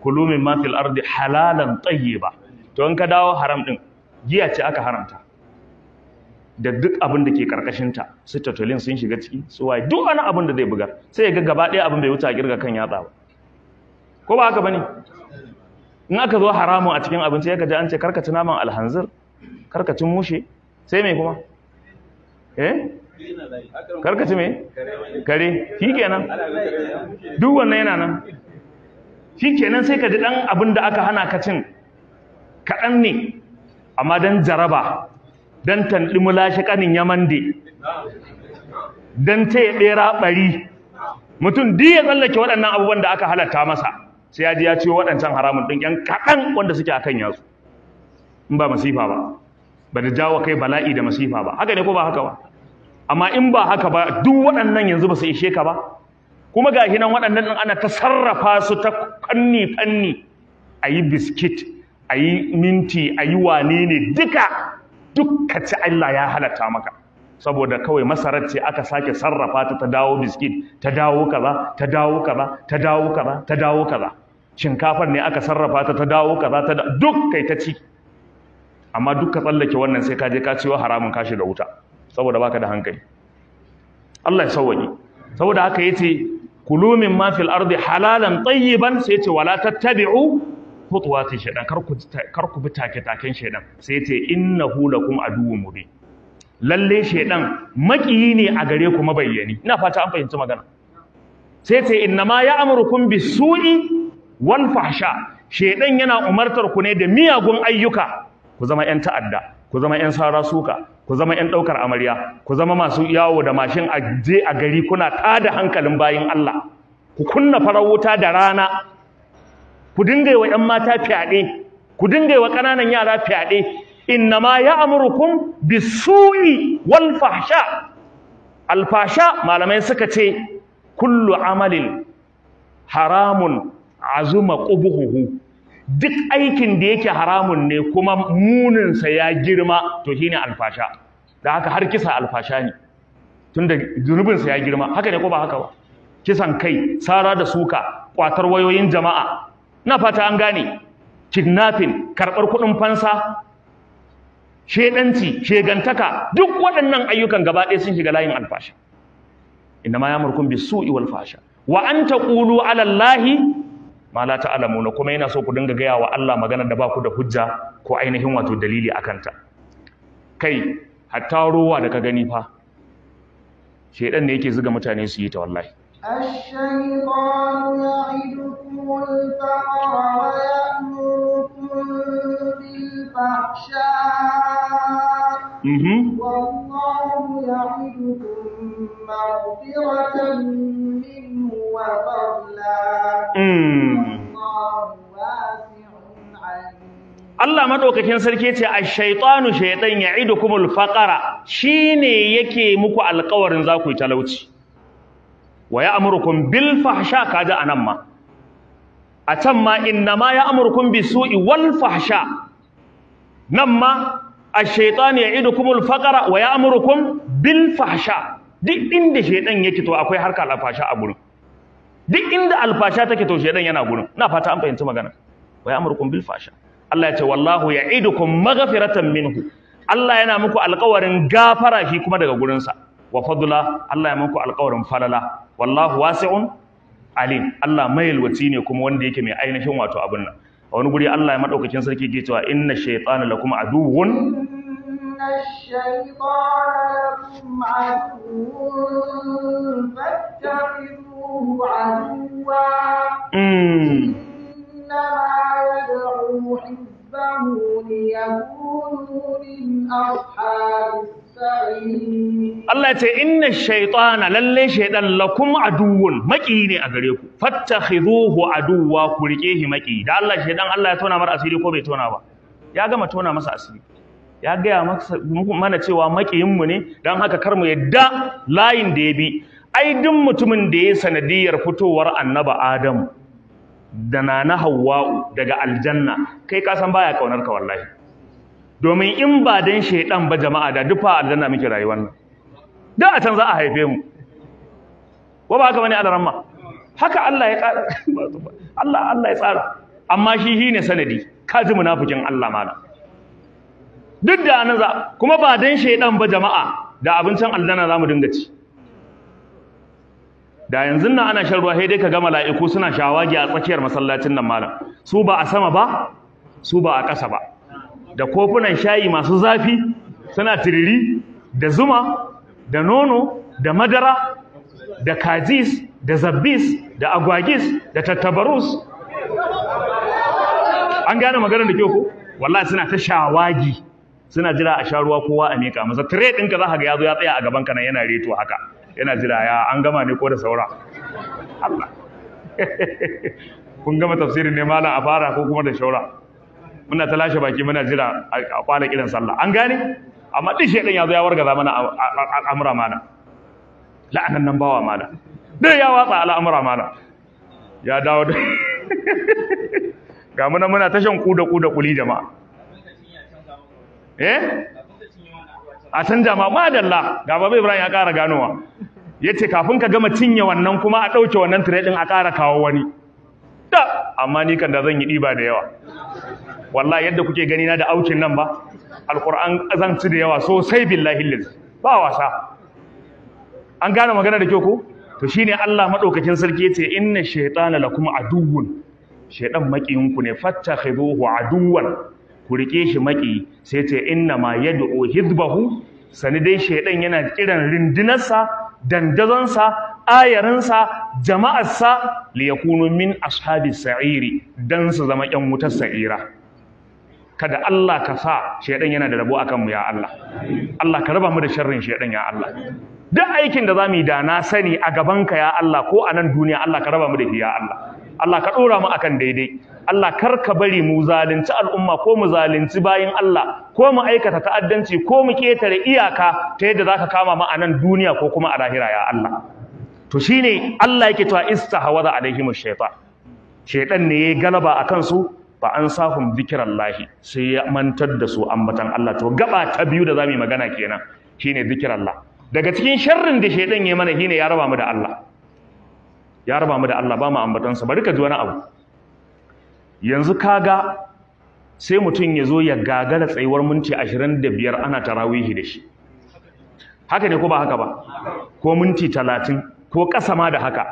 kulumin mafil ma fil ardi halalan tayyiba to in ka dawo haram din giya ce aka haramta da duk abin da ke karkashinta su tatolin sun shiga ciki su waye duk wani abin da zai buga sai ya ga gaba ɗaya abin bai wuce a girga kan yatsa ba ko ba haka bane in aka zo haramun a cikin abinci ya gaji an ce karkaci naman alhanzir karkacin mushe sai mai kuma eh karkace me kare shi kenan duk wannan yana nan shi kenan sai ka ji dan abin da aka hana ka cin kaɗan ne amma don jaraba don tanɗi mulashe ƙanin yaman de don ta ya ɓera ɓari mutum duk ya tsallake waɗannan abubuwan da aka halatta masa sai ya ji ya ciwo waɗancan haramun ɗin ƴan kaɗan wanda suke a kan yasu in ba masifa ba ba da jawo kai bala'i da masifa ba haka ne ko ba haka ba amma in ba haka ba duk waɗannan yanzu ba su ishe ka ba kuma ga hinan waɗannan ɗin ana ta sarrafa su ta ƙanni ƙanni a yi biskit a yi minti a yi wane ne duka dukka ci Allah ya halatta maka saboda kawai masarar ce aka sake sarrafa ta ta dawo biskit ta dawo kaza ta dawo kaza ta dawo kaza ta dawo kaza shinkafar ne aka sarrafa ta ta dawo kaza ta duk kai ta ci amma duk ka tsallake wannan sai ka je ka ciwo haramun ka da wuta saboda baka da hankali Allah ya sauwaje saboda haka yace kulu min ma fil ardi halalan tayyiban sai yace wala tattabi'u khutuwati shaytan kar kar ku bi take taken shaytan sai yace innahu lakum aduwwun mubin lalle shaytan makiyi ne a gare ku mabayyani ina fata an fahimci magana sai yace innama ya'murukum bisu'i wal fahsha shaytan yana umartar ku ne da miyagun ayyuka ku zama 'yan ta'adda ku zama 'yan sara suka ku zama ƴan ɗaukar amarya ku zama masu yawo da mashin a je a gari kuna tada hankalin bayin Allah ku kunna farar wuta da rana ku dinga wa ƴan mata fyaɗe ku dinga wa ƙananan yara fyaɗe ma ya'murukum bisu'i wal fahsha al fahsha malamai suka ce kullu amalin haramun azuma qubuhu duk aikin da yake haramun ne kuma muninsa ya girma to ne alfasha da haka har kisa alfasha ne tunda zunubinsa ya girma haka ne ko ba haka ba kisan kai sara da suka kwatar wayoyin jama'a na fata an gane kidnapping karɓar kuɗin fansa shedanci shegantaka duk waɗannan ayyukan gaba ɗaya sun shiga layin alfasha inna ma yamurkum bisu'i wal fasha wa an ta ala alallahi. ma la na kuma yana so ku dinga gaya wa Allah magana da ba ku da hujja ko ainihin wato dalili a kanta. kai hatta ruwa da ka gani fa shedan ne yake zuga mutane su yi ta wallahi الشيطان يعدكم الفقر ويأمركم بالفحشاء والله يعدكم Allah maɗaukakin sarki ce a shaitanu Allah ya sarki yace ash shi ne yake muku alƙawarin za ku yi talauci wa ya'murukum bil ji a nan ma a can ma inna ma bi bisu'i wal fahsha nan ma a ya idu Kuma faqara wa amurkun bil fahsha duk inda shaiɗan yake to akwai harka alfasha a gurin duk inda alfasha take to shaidan yana gurin ina fata an fahimci magana wa ya'murukum bil fasha Allah ya ce wallahu ya'idukum maghfiratan minhu Allah yana muku alƙawarin gafara shi kuma daga gurinsa wa fadla Allah ya muku alƙawarin falala wallahu wasi'un alim Allah mayalwaci ne kuma wanda yake mai ainihin wato abin nan a wani guri Allah ya madaukakin sarki ke cewa inna shaytana lakum aduwwun inna shaytana Hmm. Allah ce inna shaitana lalle shaidan lakum aduwun maƙi ne a gare ku fattakhizuhu aduwa ku rike shi maki da Allah shaidan Allah ya tona mar asiri ko bai tona ba ya gama tona masa asiri ya gaya mana cewa makiyinmu ne don haka kar mu yadda layin da ya bi ai duk mutumin da ya sanadiyar fitowar annaba adamu da na na hawwa'u daga aljanna kai ka san baya kaunar ka wallahi domin in ba dan shedan ba jama'a da dufa aljanna muke rayuwar nan da a can za a haife mu wa ba haka bane alaramma haka Allah ya Allah ya tsara amma shi ne sanadi Ka ji munafikin Allah malam duk da na za kuma ba dan shaidan ba jama'a da abincin aljanna za mu dinga ci da yanzu nan ana shan ruwa sai dai ga mala'iku suna shawagi a tsakiyar masallacin nan malam su ba a sama ba su ba a ƙasa ba da kofunan shayi masu zafi suna tiriri da zuma da nono da madara da kajis da zabbis da agwagis da tattabarus an gane maganar da ke ko wallahi suna ta shawagi suna jira a sha ruwa kowa a miƙa masa tire din za ka ga ya zo ya tsaya a gaban ka nan yana reto haka yana jira ya an gama ne ko da saura Allah kun gama tafsirin ne malam a fara ko kuma da shaura muna ta lashe baki muna jira a kwana kiran sallah an gane amma duk shedan ya zo ya wargaza mana al'amura mana la'anan nan bawa mana dai ya watsa al'amura mana ya dawo da ga muna muna tashan ku da ku da kuli jama'a eh a canja ma madalla ga babu ibrahim ya ƙara ganowa ya ce kafin ka gama cinye wannan kuma a ɗauke wannan tire din a ƙara kawo wani da amma ni kan da zan yi ɗiba da yawa wallahi yadda kuke gani na da aukin nan ba alquran zan ci da yawa sosai billahi liz ba wasa an gane magana da kyau ko to shine Allah madaukakin sarki yace inna shaytana lakum aduwwun shaytan shaiɗan ku ne fattakhiduhu aduwwan ku shi maki sai ce inna ma yad'u hizbahu sani dai shaidan yana kiran rindinarsa dandazonsa ayarinsa jama'arsa li yakunu min ashabis sa'iri dan su zama yan wutar sa'ira kada Allah ka sa shaidan yana da rabo akan mu ya Allah Allah ka raba mu da sharrin shaidan ya Allah duk aikin da zamu yi da sani a gaban ka ya Allah ko a nan duniya Allah ka raba mu da shi ya Allah Allah ka ɗora mu akan daidai Allah kar ka bari mu zalunci al'umma ko mu zalunci bayin Allah ko mu aikata ta'addanci ko mu ketare iyaka ta yadda zaka kama mu a nan duniya ko kuma a lahira ya Allah to shine Allah yake to istahwaza alaihim ash-shaytan shaytan ne ya galaba akan su fa an sahum zikirallahi sai ya mantar da su ambatan Allah to gaba ta biyu da zamu yi magana kenan shine zikirallah daga cikin sharrin da shaytan ya mana shine ya raba mu da Allah ya raba mu da Allah ba mu ambatansa bari ka ji wani abu yanzu kaga sai mutum ya zo ya gagara tsayuwar minti 25 ana tarawihi da shi haka ne ko ba haka ba ko minti 30 ko ƙasa ma da haka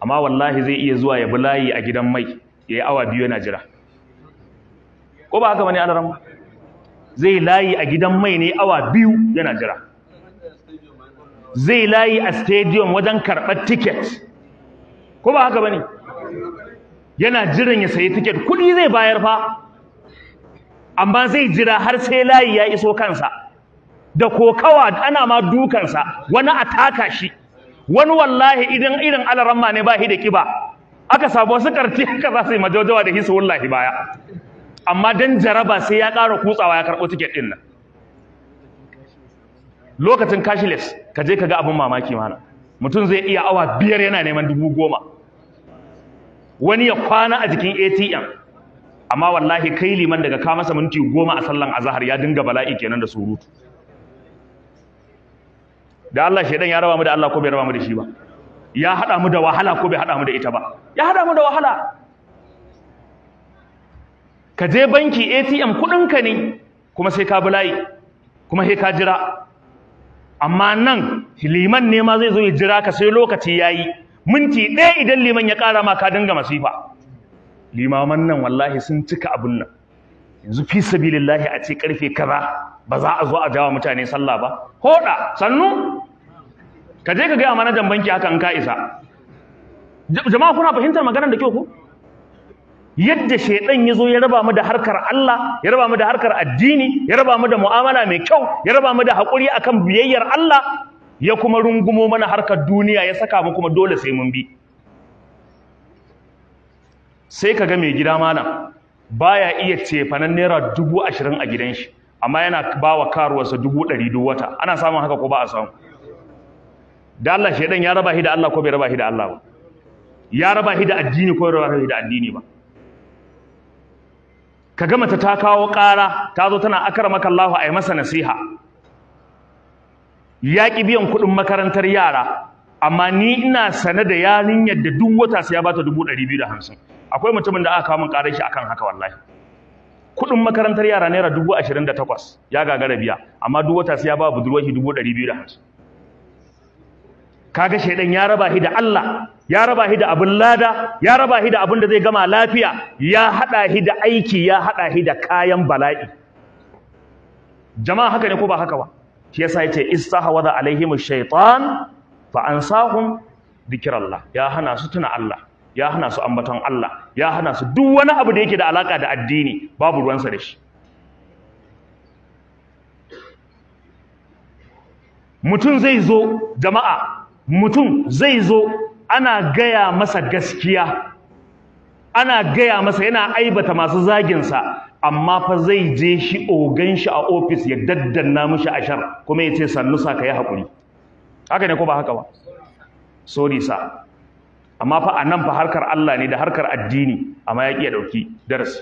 amma wallahi zai iya zuwa ya bulayi a gidan mai ya yi awa biyu yana jira ko ba haka bane alaram zai layi a gidan mai ne awa biyu yana jira zai layi a stadium wajen karɓar tiket. ko ba haka bane yana jiran ya sayi tiket kudi zai bayar fa amma zai jira har sai layi ya iso kansa da kokawa ana ma dukansa wani a taka shi wani wallahi idan irin alaramma ne ba shi da kiba aka samu wasu karti haka za su yi majojawa da hisu wallahi baya amma dan jaraba sai ya ƙara kutsawa ya karɓo tiket ɗin nan lokacin cashless ka je ka ga abin mamaki mana mutum zai iya awa biyar yana neman dubu goma wani ya kwana a jikin ATM amma wallahi kai liman daga ka masa minti goma a sallan azahar ya dinga bala'i kenan da surutu da Allah shedan ya raba mu da Allah ko bai raba mu da shi ba ya hada mu da wahala ko bai hada mu da ita ba ya hada mu da wahala ka je banki ATM kudin ka ne kuma sai ka bala'i kuma sai ka jira amma nan liman ne ma zai zo ya jira ka sai lokaci yayi minti ɗaya idan liman ya ƙara ma ka dinga masifa limaman nan wallahi sun cika abin nan yanzu fi sabilillahi a ce karfe kaza ba za a zo a jawa mutane sallah ba hoda sannu ka je ka gaya manajan banki haka in ka isa jama'a kuna fahimtar maganar da kyau ku? yadda shaidan ya zo ya raba mu da harkar Allah ya raba mu da harkar addini ya raba mu da mu'amala mai kyau ya raba mu da haƙuri akan biyayyar Allah ya kuma rungumo mana harkar duniya ya saka mu kuma dole sai mun bi sai ka ga mai gida malam baya iya cefanen naira dubu ashirin a gidan shi amma yana ba wa karuwarsa dubu ɗari duk wata ana samun haka ko ba a samu da Allah shaidan ya raba shi da Allah ko bai raba shi da Allah ba ya raba shi da addini ko bai raba shi da addini ba ka mata ta kawo ƙara ta zo tana akarmaka Allah yi masa nasiha ya biyan kuɗin makarantar yara amma ni ina sane da yarinyar da duk wata sai ya bata dubu ɗari biyu da hamsin akwai mutumin da aka kawo min ƙarar shi akan haka wallahi kuɗin makarantar yara naira dubu ashirin da takwas ya gagara biya amma duk wata sai ya ba budurwar shi dubu ɗari biyu da hamsin kaga shaidan ya raba shi da Allah ya raba shi da abin lada ya raba shi da abin da zai gama lafiya ya haɗa shi da aiki ya haɗa shi da kayan bala'i jama'a haka ne ko ba haka ba shi yasa yace istahwadha alaihim ash-shaytan fa ansahum dhikrallah ya hana su tuna Allah ya hana su ambaton Allah ya hana su duk wani abu da yake da alaka da addini babu ruwan sa da shi mutum zai zo jama'a mutum zai zo ana gaya masa gaskiya ana gaya masa yana aibata masu zagin sa amma fa zai je shi ogan shi a ofis ya daddanna mishi ashar kuma ya ce sannu sa ka yi hakuri. haka ne ko ba haka ba sorry sa amma fa a nan fa harkar Allah ne da harkar addini amma ya ya ɗauki darasi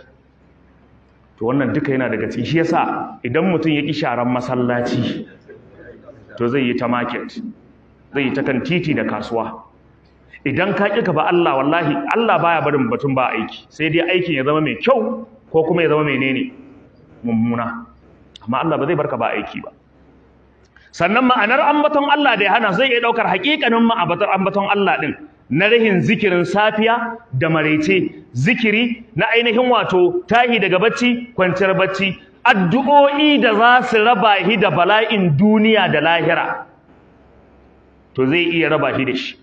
to wannan duka yana daga cikin shi yasa idan mutum ya ƙi sharan masallaci to zai yi ta market zai yi ta kan titi da kasuwa idan ka ƙi ka ba Allah wallahi Allah baya barin batun ba aiki sai dai aikin ya zama mai kyau ko kuma ya zama menene mummuna amma Allah ba zai barka ba aiki ba sannan ma'anar ambaton Allah da ya hana zai iya daukar hakikanin ma'abatar ambaton Allah din na rahin zikirin safiya da maraice zikiri na ainihin wato tahi daga bacci kwanciyar bacci addu'o'i da za su raba shi da bala'in duniya da lahira to zai iya raba shi da shi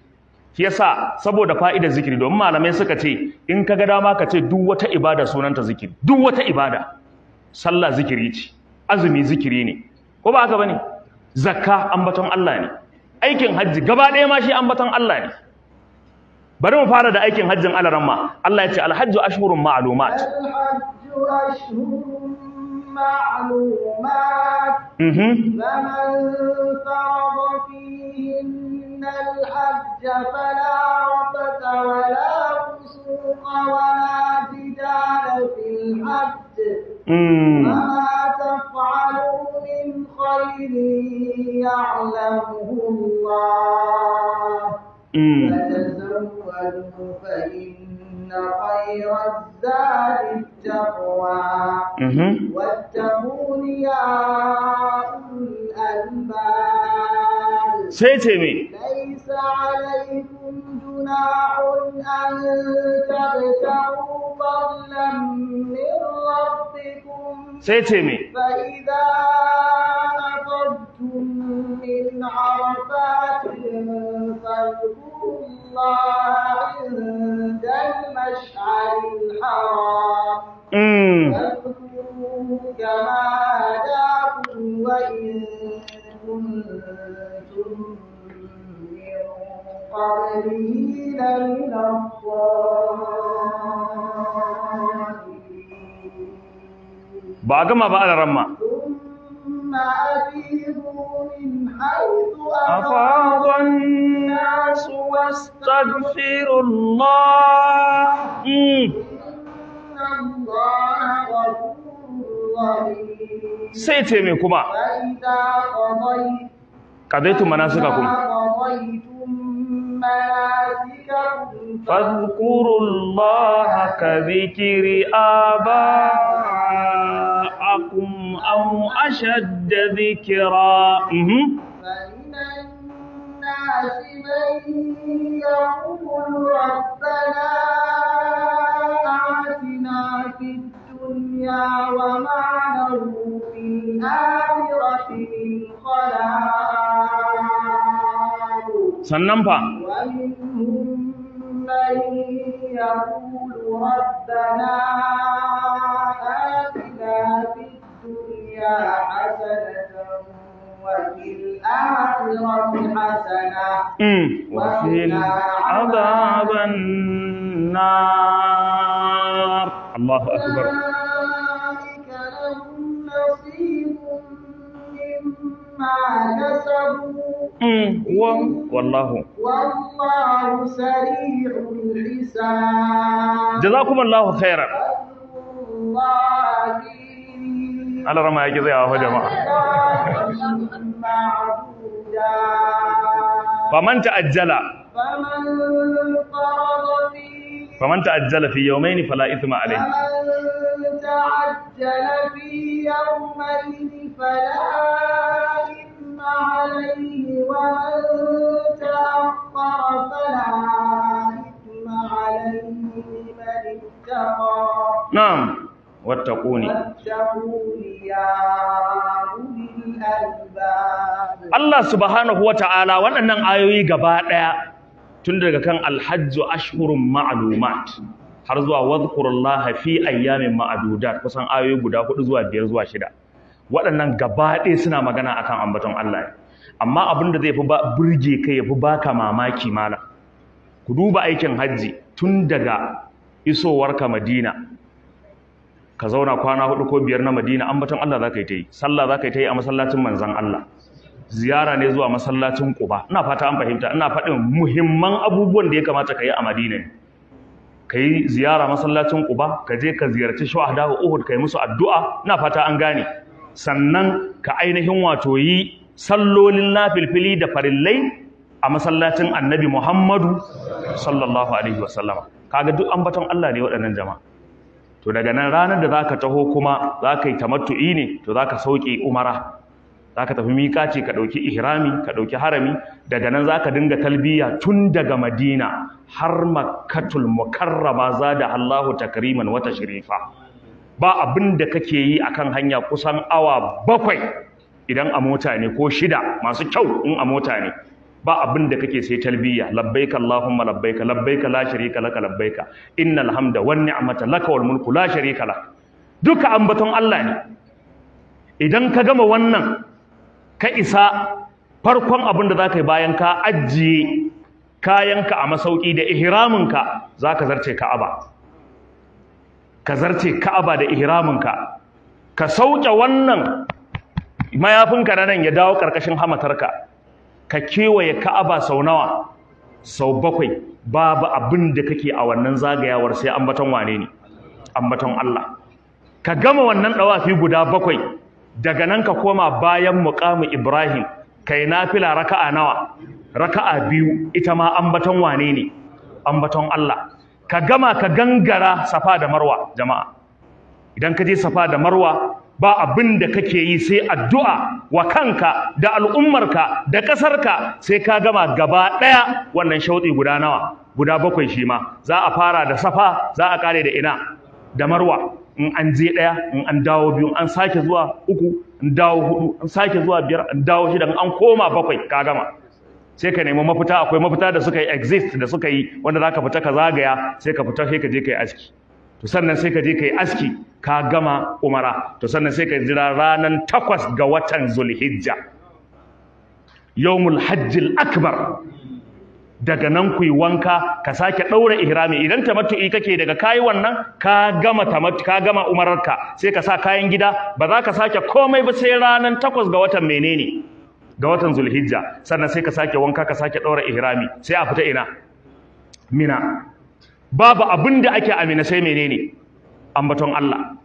shi yasa saboda fa'idar zikiri domin malamai suka ce in ka ga dama ka ce duk wata ibada sunanta zikiri duk wata ibada sallah zikiri ce azumi zikiri ne ko ba haka bane zakka ambaton Allah ne aikin hajji gaba ɗaya ma shi ambaton Allah ne bari mu fara da aikin hajjin alaramma Allah ya ce alhajju ashhurun ma'lumat mhm الحج فلا رفث ولا فسوق ولا جدال في الحج وما تفعلوا من خير يعلمه الله فتزودوا فإن خير الزاد التقوى واتقون يا أولي الألباب سيتمي متاع أن تبتغوا فضلا من ربكم سيتمي فإذا ba gama ba a ran ma sai ce mai kuma ƙazaitu mana suka kuma ka الله كذكر آباءكم جاءكم أو أشد ذكرا فمن الناس من يقول ربنا آتنا في الدنيا وما له في الآخرة من خلاق sannan fa ومنهم من يقول ربنا آتنا في الدنيا حسنة وفي الآخرة حسنة وفي عذاب النار الله أكبر أولئك لهم نصيب مما كسبوا wọ́n mm. wọ́láhù jazakumallahu khaira alára ma yake zai awa jama'a famanta ajjala famanta ajjala fi yau mai ni fala ithma alai famanta ajjala fi yau mai ni fala عليه ومن تأخر فلا إثم عليه اتقى نعم واتقوني واتقوني الله سبحانه وتعالى waɗannan ayoyi gaba ɗaya tun daga kan alhajju ashhurun ma'lumat har zuwa wadhkurullaha fi ayyamin ma'dudat kusan ayoyi guda 4 zuwa 5 zuwa 6 waɗannan gaba ɗaya suna magana akan ambaton Allah amma abin da zai fi burge kai ya fi baka mamaki mala ku duba aikin hajji tun daga isowarka Madina ka zauna kwana hudu ko biyar na Madina ambaton Allah zaka yi ta yi sallah zaka yi ta yi a masallacin manzan Allah ziyara ne zuwa masallacin Quba ina fata an fahimta ina faɗin muhimman abubuwan da ya kamata ka yi a Madina ka yi ziyara masallacin Quba ka je ka ziyarci shuhada Uhud ka yi musu addu'a ina fata an gane sannan ka ainihin wato yi sallolin lafilfili da farillai a masallacin annabi Muhammadu sallallahu alaihi wasallama kaga duk ambaton Allah ne waɗannan jama'a to daga nan ranar da zaka taho kuma zaka yi tamattu'i ne to zaka sauke umara ka tafi miƙaci ka ɗauki ihrami ka ɗauki harami daga nan zaka dinga talbiya tun daga Madina har Makkatul Mukarrama zada Allahu takriman wata Shirifa. ba abin da kake yi akan hanya kusan awa bakwai idan a mota ne ko shida masu kyau in a mota ne ba abin da kake sai talbiya labbaika allahumma labbaika labbaika la sharika laka labbaika innal hamda wan ni'mata laka wal mulku la sharika lak duka ambaton Allah ne idan ka gama wannan ka isa farkon abin da zaka bayan ka ajiye kayanka a masauki da ihraminka zaka zarce Ka'aba ka zarce ka'aba da ihraminka ka sauke wannan mayafinka na nan ya dawo ƙarƙashin hamatarka ka kewaye ka'aba sau nawa sau bakwai babu abin da kake a wannan zagayawar sai ambaton wane ne ambaton Allah ka gama wannan ɗawafi guda bakwai daga nan ka koma bayan muƙamu Ibrahim kai nafila raka'a nawa raka'a biyu ita ma ambaton wane ne ambaton Allah ka gama ka gangara safa da marwa jama'a idan ka je safa da marwa ba abin da kake yi sai addu'a wa kanka da al'ummarka da ƙasarka sai ka gama gaba ɗaya wannan shauɗi guda nawa guda bakwai shi ma za a fara da safa za a ƙare da ina da marwa in an je ɗaya in an dawo biyu an sake zuwa uku in dawo hudu in sake zuwa biyar in dawo shida in an koma bakwai ka gama sai ka nemi mafita akwai mafita da suka yi exist da suka yi wanda za ka fita ka zagaya sai ka fita sai ka je kai aski to sannan sai ka je ka yi aski ka gama umara to sannan sai ka jira ranan takwas ga watan zulhijja yawmul hajjil akbar daga nan ku yi wanka ka sake ɗaura ihrami idan ta tamattu'i kake daga kayi wannan ka gama tamattu ka gama umararka sai ka sa kayan gida ba za ka sake komai ba sai ranar takwas ga watan menene ga watan zulhijja sannan sai ka sake wanka ka sake ɗaura ihrami sai a fita ina mina babu abin da ake amina sai menene ambaton Allah